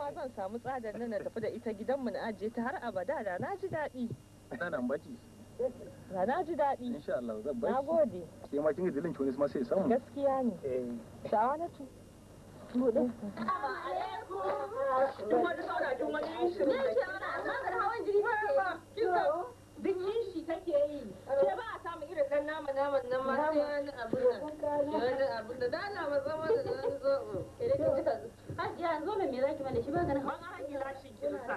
ma zan samu tsadar nan na tafi da ita gidanmu na ajiye ta har abada da na ji daɗi. Ina nan baci. Da na ji daɗi. Insha Allah zan baci. Na gode. ma kin ga dilin ki ma sai samu. Gaskiya ne. Eh. Sha'awa na tu. wani sauna wani yin Yin da hawan Kin ga duk yin shi take yi. Ke ba a samu irin kan nama naman nan ma sai wani sama da shi ba ganin wani haji lashin kinsa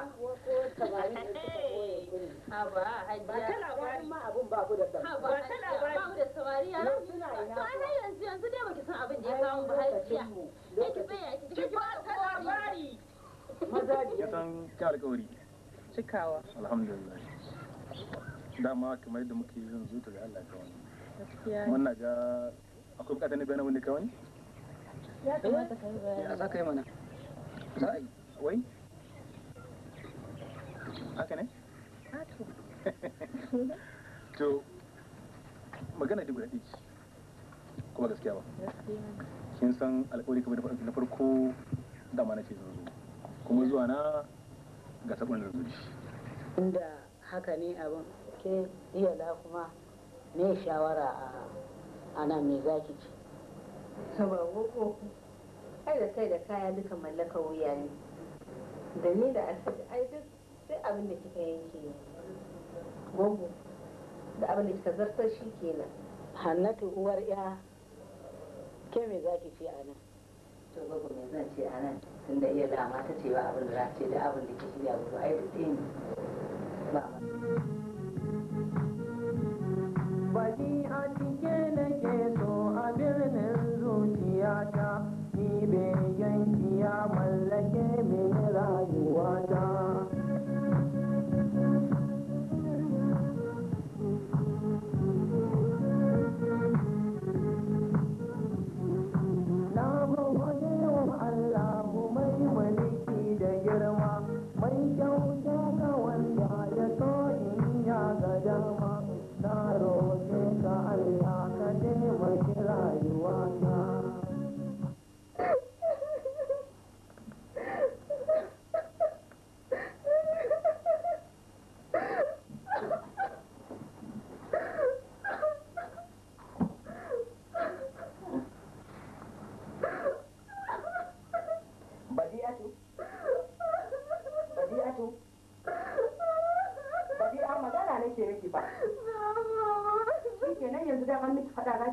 ha ba ba ma abun ba ku da ba ba ku da samari ya ana yanzu yanzu dai baki san abin da ya ba hajiya ne ki tsaya ki ba ta labari maza ji ya san alƙawari cikawa alhamdulillah dama kamar yadda muke ga Allah ga akwai bukatar ne bayanan wani ya kamata ya za ka yi mana kai wai haka ne? to magana da gudaɗi kuma gaskiya ba kin san alƙawari kamar na farko kuma zuwa na ga sabon da zuci inda haka ne abin ke iya kuma ne shawara a ana mai zaki ce saboda Kai da kai da kaya duka mallaka wuya ne da ni da asibiti ai duk sai abin da kika yanke gungu da abin da kika zartar shi kenan hannatu uwar ya ke me za ki ce a nan to gungu me zan ce a nan tunda iya dama ta ce ba abin da za ce da abin da ke shirya gudu ai duk ɗaya ne ba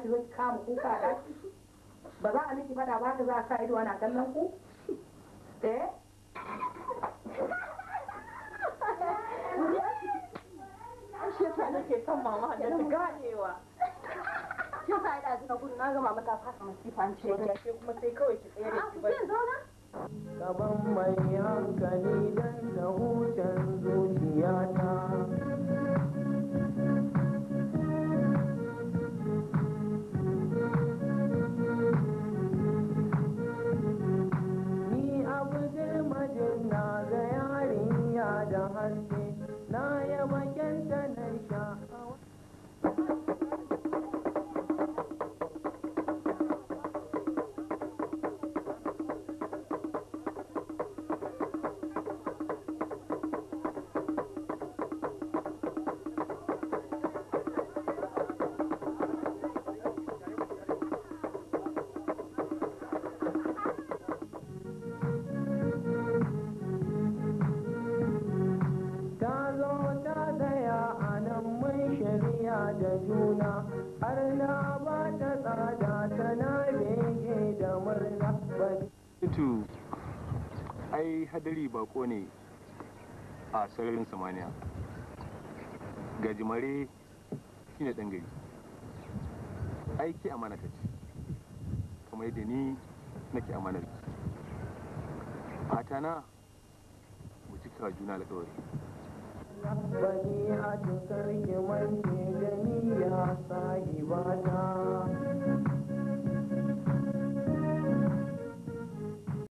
ki zo ki kama kuka da ba za a miki fada ba ka za a sa ido ana kallon ku eh shi yasa nake kawai ki da ki bari ah, gaban mai hankali dan na hucin zuciyata Hallelujah. arna ba ta tsada tana bege da murna Itu ai hadari bako ne a sararin samaniya gajimare shine ɗan gari aiki amana ka ce kamar yadda ni nake amanar fata na mu cika juna alƙawari Bani a tukar kimanci rayuwata